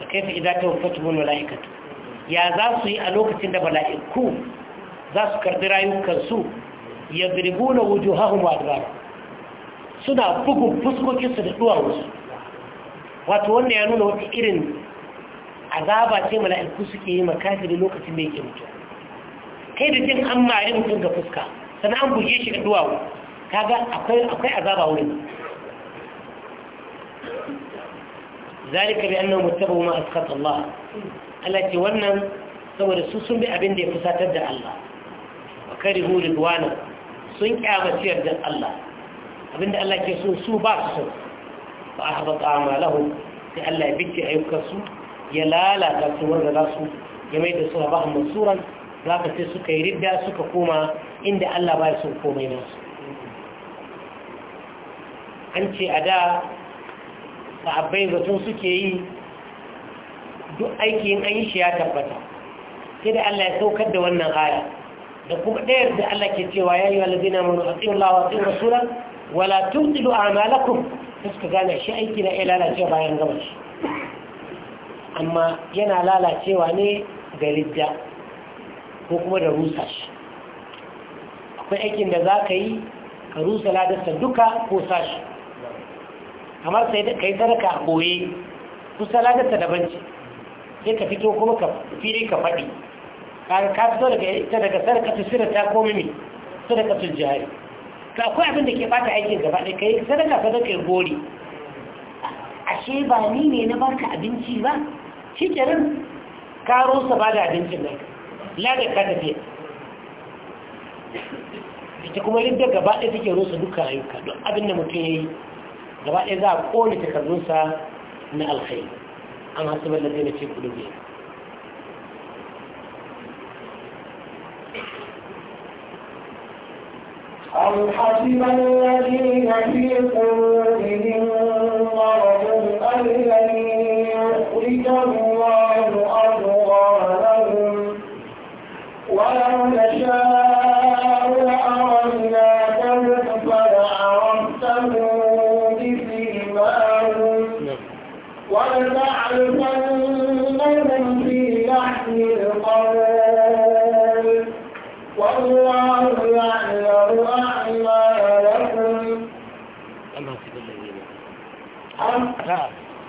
da ta idza tawaffatuhum malaikatu ya za su yi a lokacin da mala'iku za su karbi rayukansu Ya na wujo wa adbar suna bugun fuskokinsu da wasu wato wannan ya nuna wata irin azaba ce mala'iku suke yi da lokacin da yake mutu? kai da jin an mari mutum ga fuska sannan an buge shi da duwawu kaga akwai azaba wurin ذلك بأنهم اتبعوا ما أسخط الله التي ونن سوى السوس بأبن دي فساتد الله وكرهوا رضوانا سن كامسير دي الله أبن دي الله كيسو سو باسو فأحبط أعمالهم دي الله يبكي أيوكسو يلالا تسو ورغلاسو يميد صلباه منصورا ذاك تسو كيرد سو كوما إن دي الله بايسو كوميناسو an ce a da abai zaton suke yi duk aikin an yi shi ya tabbata sai da Allah ya saukar da wannan aya da kuma ɗaya da Allah ke cewa ya yi wala zina mana atsi Allah wa atsi Rasulan wala tuntilu a malakun ta suka gane shi aiki na iya lalacewa bayan gama shi amma yana lalacewa ne ga lidda ko kuma da rusa shi akwai aikin da za ka yi ka rusa ladarsa duka ko sashi kamar sai da kai sadaka a boye kusa salatarta daban ce sai ka fito kuma ka fili ka faɗi kaga ka fito daga ita daga sadaka ta sirra ta komi ne sadaka ta jihari ka akwai abin da ke bata aikin gaba ɗaya kai sadaka sadaka ya gori ashe ba ni ne na baka abinci ba shi kenan karo sa ba da abincin nan lagar ka tafiya ita kuma yadda gaba ɗaya take rusa dukkan ayyuka don abin da mutum ya yi فبعد إذا قول تكرنسا من الخير أما هسب الذين في قلوبهم أم حسب الذين في قلوبهم مرض أن لن يخرجهم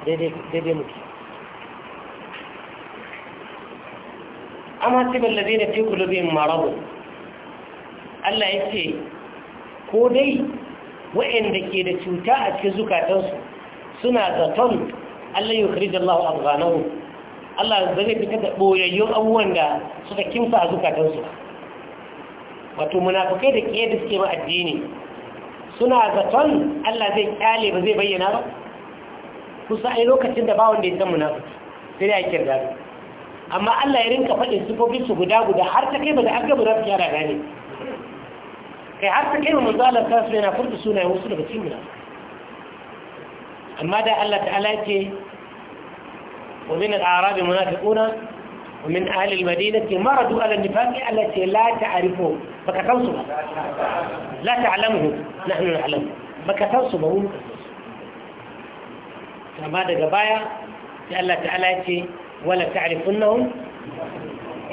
daidai muke amma sibin labi da fi kulubin marabu Allah ya ce ko dai waɗanda ke da cuta a cikin zukatansu suna zaton Allah yi kiri da Allah afghanahu Allah zai fitar da ɓoyayyun abubuwan da suka kimsa a zukatansu wato munafukai da ƙiyar da suke ma addini suna zaton Allah zai kyale ba zai bayyana ba kusa ai lokacin da ba wanda ya san munafiki sai ya kirga amma Allah ya rinka faɗin sifofin su guda guda har ta kai ba da aga munafiki rana ne. kai har ta kai ba manzo Allah ta yana furta sunayen wasu daga cikin munafiki amma da Allah ta'ala ce wa min al-a'rab munafiquna wa min ahli al-madinati maradu ala an-nifaq ce la ta'rifu baka tansu ba la ta'lamuhu nahnu na'lamu baka tansu ba mu amma daga baya sai Allah ta'ala ya ce wala ta'rifunnahum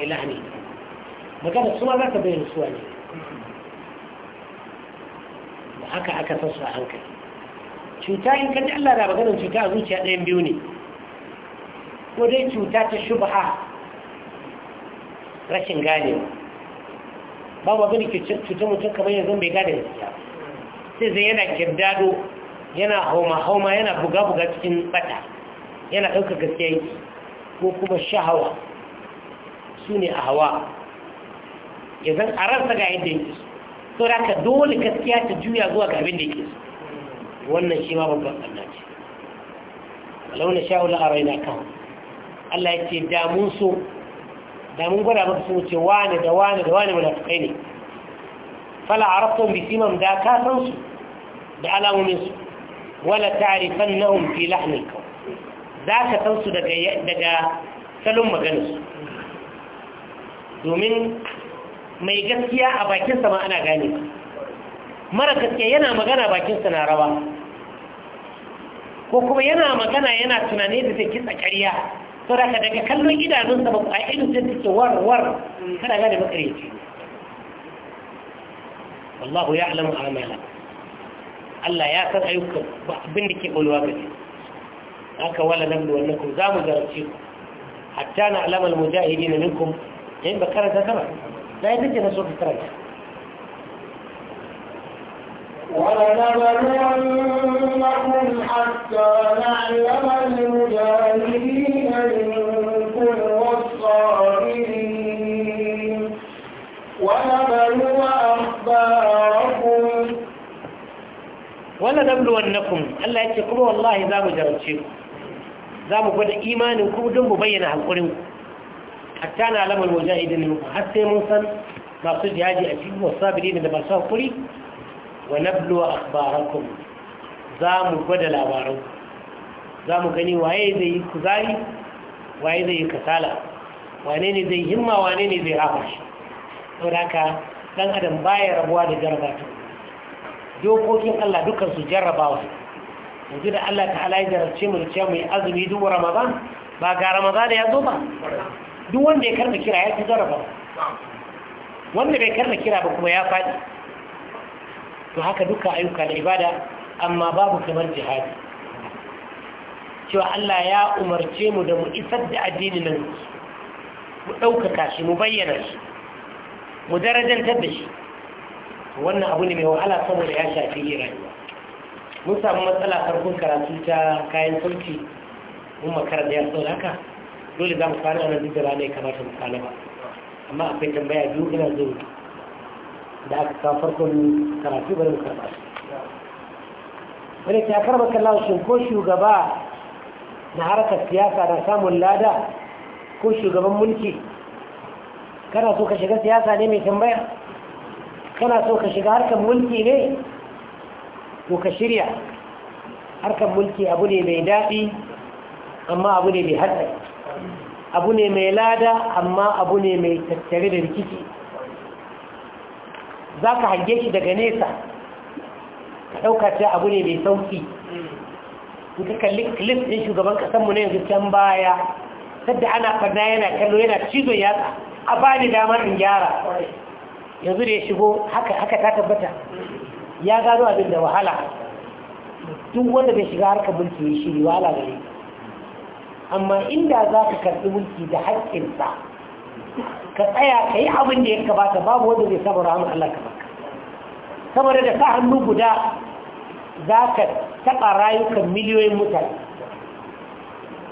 ila ne magana su ma za ka bayyana su ne da haka aka san su a hankali cuta in ji Allah na maganar cuta a zuciya ɗayan biyu ne ko dai cuta ta shubha rashin gane ba ma gani cutar mutum kamar yanzu bai gane gaskiya sai zai yana kirdado yana hauma-hauma yana buga-buga cikin bata yana ɗauka gaskiya ko kuma shahawa su ne a hawa ya zan a ransa ga yadda yake so da aka dole gaskiya ta juya zuwa ga abin da yake so wannan shi ma babban ɓanna ce launa sha'ula a raina kan Allah ya ce damun so damun gwada maka sun wuce wane da wane da wane munafukai ne fala a rafton bisimam da ka san su da alamomin su wala ta'rifannahum fi za ka san su daga daga salon su, domin mai gaskiya a bakinsa ma ana gane mara gaskiya yana magana bakinsa na rawa ko kuma yana magana yana tunani da take tsakariya sau da daga kallon idanunsa ba a irin da take warwar kada gane makareci wallahu ya alamu amala Allah ya san ayyukan ba abin da ke bulwa ga ce haka wala nan da wannan ku za mu zarce ku hatta na alamar mujahidi na minkum yayin ba karanta sama na yi take na so ka karanta ولنبلونكم حتى نعلم المجاهدين منكم lanabluwannakum Allah ya ce kuma wallahi za mu jarabce ku za mu gwada imanin ku don mu bayyana hankulin ku hatta na alamar mujahidin har sai mun san masu jihadi a cikin wasabirin da masu hakuri wa wa akhbarakum za mu gwada labaran za mu gani waye zai yi kuzari waye zai yi kasala wane ne zai himma wane ne zai hafa shi saboda haka dan adam baya rabuwa da jarabatu. dokokin Allah dukan su jarrabawa yanzu da Allah ta'ala ya jarrace mu da cewa mu yi azumi duk Ramadan ba ga Ramadan da ya zo ba duk wanda ya karba kira ya ci jarraba wanda bai karba kira ba kuma ya faɗi to haka duka ayyuka na ibada amma babu kamar jihadi cewa Allah ya umarce mu da mu isar da addinin nan mu ɗaukaka shi mu bayyana shi mu darajantar da shi wannan abu ne mai wahala saboda ya shafi rayuwa mun samu matsala farkon karatu ta kayan sauti mun makara da ya sau haka dole za mu kwana a nan duk da rana ya kamata mu kwana ba amma akwai tambaya biyu ina zo da aka kawo farkon karatu bari mu karɓa su wani ta karba kallon shin ko shugaba na harkar siyasa na samun lada ko shugaban mulki kana so ka shiga siyasa ne mai tambaya kana so ka shiga harkar mulki ne to ka shirya harkar mulki abu ne mai daɗi amma abu ne mai hatsari abu ne mai lada amma abu ne mai tattare da rikici za ka hange shi daga nesa ka ɗauka ta abu ne mai sauki in ka kalli clip ɗin shugaban ƙasanmu na yanzu can baya sadda ana farna yana kallo yana cizon yatsa a ba ni damar in gyara yanzu da ya shigo haka ta tabbata ya gano abin da wahala duk wanda bai shiga harka mulki ya shiri wahala gare amma inda za ka karɓi mulki da haƙƙinsa ka tsaya ka yi abin da ya kamata babu wanda zai saboda hannun Allah ka baka saboda da sa hannu guda za ka taɓa rayukan miliyoyin mutane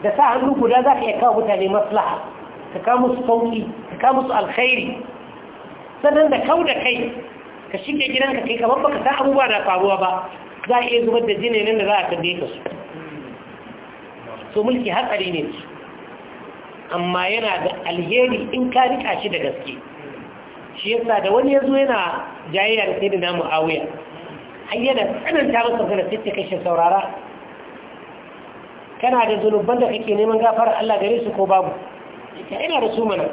da sa hannu guda za ka iya kawo mutane maslaha ka kawo musu sauƙi ka kawo musu alkhairi sannan da kau da kai ka gidan ka kai kamar baka san abubuwa da faruwa ba za a iya zubar da nan da za a tambaye ka su so mulki hatsari ne amma yana da alheri in ka rika shi da gaske shi yasa da wani yazo yana jayayya da sayyidina muawiya har yana tsananta masa magana sai ta kashe saurara kana da zunubban da kake neman gafara Allah gare su ko babu ita ina da su mana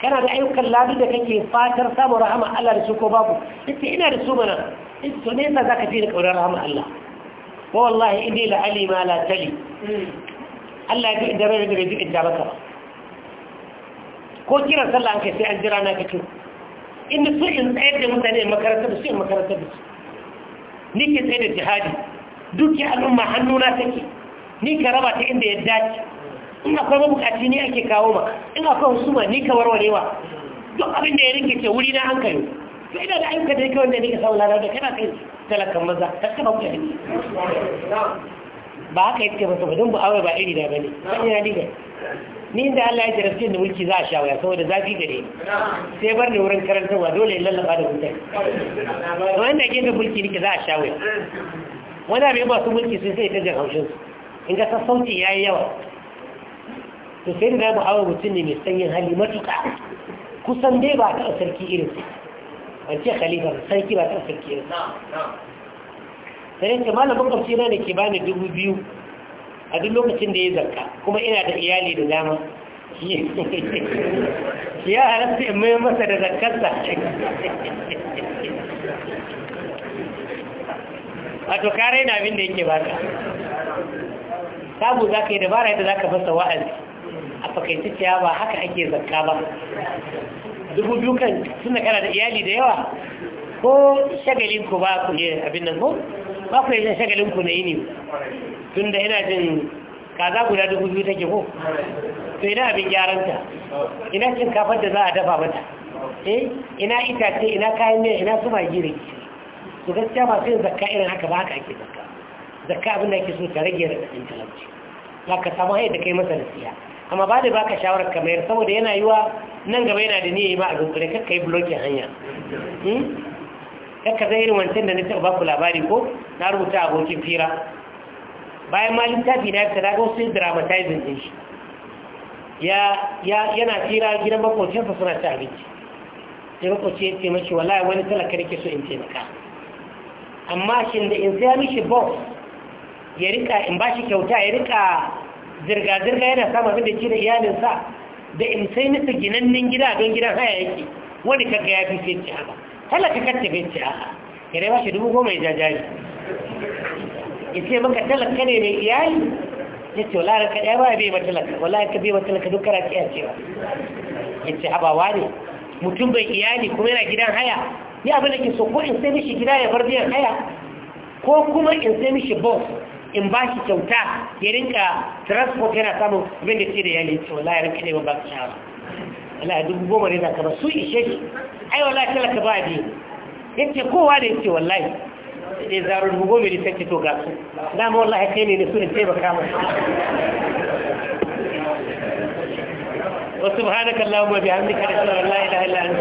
kana da ayyukan labi da kake fatar samun rahama Allah da su ko babu ita ina da su mana ita to nesa za ka fi da ƙaunar rahama Allah Ba wallahi inni la ali ma la tali Allah ya fi inda rai da bai fi inda baka ko kiran sallah an kai sai an jira na kake inda su in tsayar da mutane makaranta da su in makaranta da su ni ke tsaye da jihadi duk ya al'umma hannuna take ni ka raba ta inda ya dace in akwai mabukaci ne ake kawo ma in akwai husuma ni ka warware wa duk abin da ya ce wuri na hankali to ina da ayyuka da yake wanda ne ka samu lada da kana kai talakan maza ta kama kuka ne ba haka yake masa ba don ba aure ba iri da bane san yana diga ni da Allah ya jarabce da mulki za a sha waya saboda zafi gare sai bar ni wurin karantarwa dole in lallaba da mutai wanda ke da mulki nake za a sha waya wanda bai su mulki sun sai ta jan haushin su in ga sassauci yayi yawa to sai da hawa mutum ne mai sanyin hali matuka kusan dai ba ta sarki irin an ce khalifa sarki ba ta sarki irin sai ce malamin kamshi na ne ke bani dubu biyu a duk lokacin da ya zarka kuma ina da iyali da dama ya halatta in mai masa da zarkarsa a to kare na abin da yake ta sabu za ka yi dabara yadda za ka fasa wa'azi a fakaici ciya ba haka ake zakka ba dubu dukan suna kana da iyali da yawa ko shagalinku ba ku yi abin nan ko ba ku yi shagalinku na yini tun da ina jin kaza guda dubu biyu take ko to ina abin gyaranta ina cin kafar da za a dafa mata eh ina itace ina kayan miya ina su magi da to gaskiya ba sai zakka irin haka ba haka ake zakka zakka abin da ake so ta rage da talauci za ka samu haida kai masa nasiha amma ba da baka shawarar ka mayar saboda yana yiwa nan gaba yana da niyyar ma a dunkule kakka yi blokin hanya hmm? kakka zai irin wancan da na taɓa baku labari ko na rubuta abokin fira bayan ma littafi na fita daga wasu dramatizing din shi yana fira gidan makocinsa suna ci abinci sai makoci ya ce mashi wallahi wani talaka da ke so in taimaka amma shi da in sai mishi box ya rika in ba shi kyauta ya rika zirga-zirga yana samun abin da ke da iyalinsa da in sai nufi ginannin gida don gidan haya yake wani kaka ya fi fiye haka talaka kacce fiye haka ya rai bashi dubu goma ya jajaji ya ce maka talaka ne mai iyali ya ce wala ranka ba ya bai matalaka wala ka bai matalaka duk kara ya cewa ya ce wa ne mutum bai iyali kuma yana gidan haya Ya abin da ke so ko in sai mishi gida ya bar biyan haya ko kuma in sai mishi bus in ba shi kyauta ya rinka transport yana samun abinda da da yali to la ya rinka ne ba ka shawara Allah dubu goma ne za ka ba su ishe shi ai kala ka ba biyu yace kowa da yace wallahi sai zaro dubu goma ne sai to ga su dama wallahi kai ne ne su ne taimaka mu وسبحانك اللهم وبحمدك نشهد ان لا اله الا انت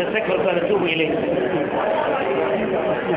نستغفرك ونتوب اليك